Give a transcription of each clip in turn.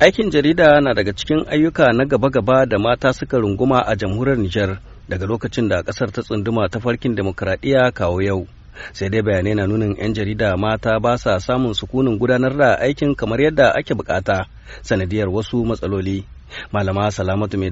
Aikin jarida na daga cikin ayyuka na gaba-gaba da mata suka runguma a jamhuriyar Nijar daga lokacin da ƙasar ta tsunduma ta farkin demokuraɗiyya kawo yau. Sai dai bayanai na nunin 'yan jarida mata ba sa samun sukunin gudanar da aikin kamar yadda ake bukata sanadiyar wasu matsaloli. Malama Salamatu Mai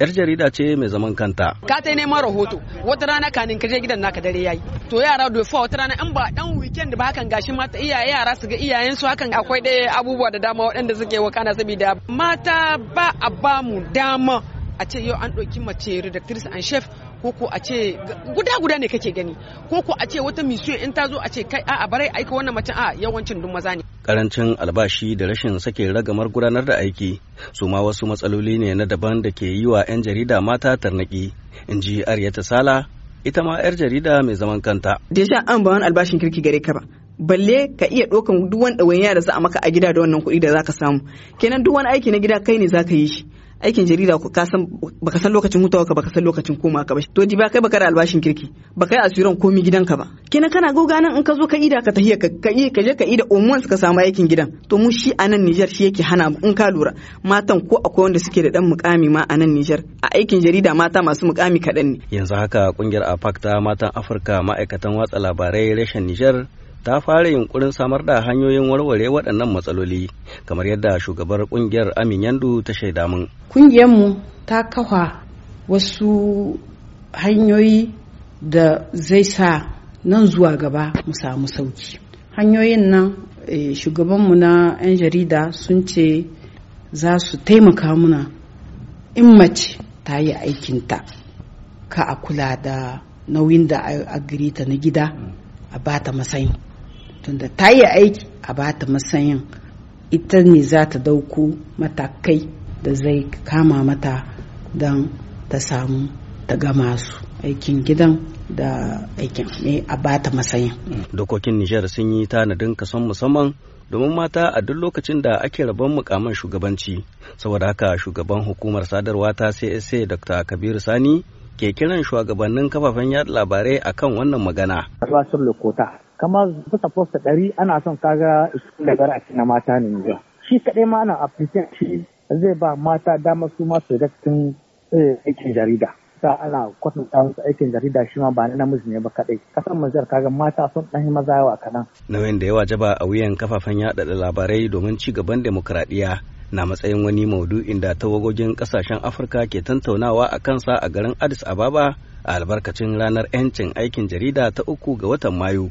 yar jarida ce mai zaman kanta ka ta neman rahoto wata rana kanin ka je gidan naka dare yayi to yara da fa wata rana in ba dan weekend ba hakan gashi mata iyaye yara su ga iyayen su hakan akwai daya abubuwa da dama waɗanda suke wakana saboda mata ba a ba mu dama a ce yau an ɗauki mace redactrice and chef ko a ce guda guda ne kake gani ko a ce wata misiyo in ta zo a ce kai a barai aika wannan mace a yawancin duk maza ne karancin albashi da rashin sake ragamar gudanar da aiki su ma wasu matsaloli ne na daban da ke yi wa 'yan jarida mata tarnaki in ji aryata sala ita ma 'yar jarida mai zaman kanta deja an ba wani albashin kirki gare ka ba balle ka iya ɗaukan duk wani ɗawainiya da za a maka a gida da wannan kuɗi da za ka samu kenan duk wani aiki na gida kai ne za ka yi shi aikin jarida ku ka san baka san lokacin hutawa ka baka san lokacin koma ka ba to di ba kai baka da albashin kirki ba kai asiran komi ka ba kenan kana goga nan in ka zo ka ida ka tahiya ka ka je ka ida omuwan suka samu aikin gidan to mu shi a nan Niger shi yake hana in ka lura matan ko akwai wanda suke da dan mukami ma a nan Niger a aikin jarida mata masu mukami kaɗan ne yanzu haka kungiyar APAC ta matan Afirka ma'aikatan watsa labarai reshen Niger ta fara yunkurin samar da hanyoyin warware waɗannan matsaloli kamar yadda shugabar kungiyar amin yandu ta shaida mun kungiyarmu ta kafa wasu hanyoyi da zai sa nan zuwa gaba mu samu sauki hanyoyin nan eh, shugabanmu na 'yan jarida sun ce za su taimaka muna in mace ta yi aikinta ka a kula da nauyin da a na gida a bata matsayi. tunda ta yi aiki a ba masayin ita ne za ta dauko matakai da zai kama mata don ta samu ta gama su aikin gidan da aikin ne eh, a bata masayin dokokin nijar sun yi tanadin kason musamman domin mata a duk lokacin da ake rabon mukaman shugabanci saboda haka shugaban hukumar sadarwa ta csa dr kabiru sani ke kiran shugabannin kafafen yada labarai akan wannan magana. kamar bisa posta ɗari ana son kaga ishirin da a mata ne ne. shi kaɗai ma ana appreciate shi zai ba mata dama su ma su cikin eh, aikin jarida sa ana kwatanta musu aikin jarida shi ma ba na namiji ne ba kaɗai kasan mazar kaga mata sun ɗan yi maza yawa kaɗan. nauyin da yawa jaba a wuyan kafafen yaɗa labarai domin ci gaban demokuraɗiyya na matsayin wani maudu'in da tawagogin ƙasashen afirka ke tantaunawa a kansa a garin addis ababa a albarkacin ranar 'yancin aikin jarida ta uku ga watan mayu